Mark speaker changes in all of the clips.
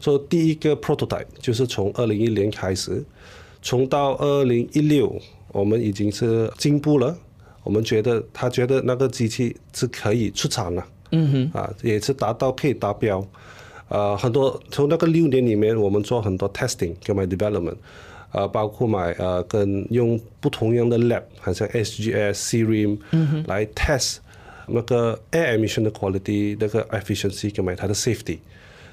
Speaker 1: 做、so, 第一個 prototype，就是從二零一零年開始，從到二零一六，我們已經是進步了。我們覺得他覺得那個機器是可以出廠，了，嗯哼，啊，也是達到可以達標。啊、呃，很多從那個六年裏面，我們做很多 testing 跟埋 development，啊、呃，包括埋，呃，跟用不同樣的 lab，好像 SGS CRIM、嗯、c r e a m 來 test 那個 air emission 的 quality，那個 efficiency 跟埋它的 safety。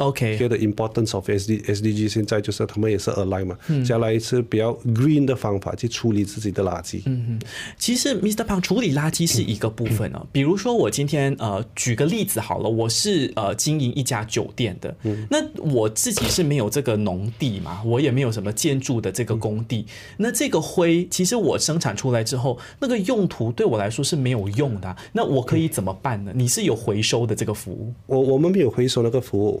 Speaker 1: OK，the、okay, so、importance of SDSDG 現在就是，他們也是 align 嘛，將、嗯、來一次比較 green 的方法去處理自己的垃圾。嗯哼，其實 Mr. Pang 處理垃圾是一個部分。哦。嗯、比如說我今天呃舉個
Speaker 2: 例子好了，我是呃經營一家酒店的、嗯，那我自己是沒有這個農地嘛，我也沒有什麼建築的這個工地。嗯、那這個灰其實我生產出來之後，那個用途對我來說是沒有用的、啊。那我可以怎麼辦呢？你是有回收的這個服務，
Speaker 1: 我我們沒有回收那個服務。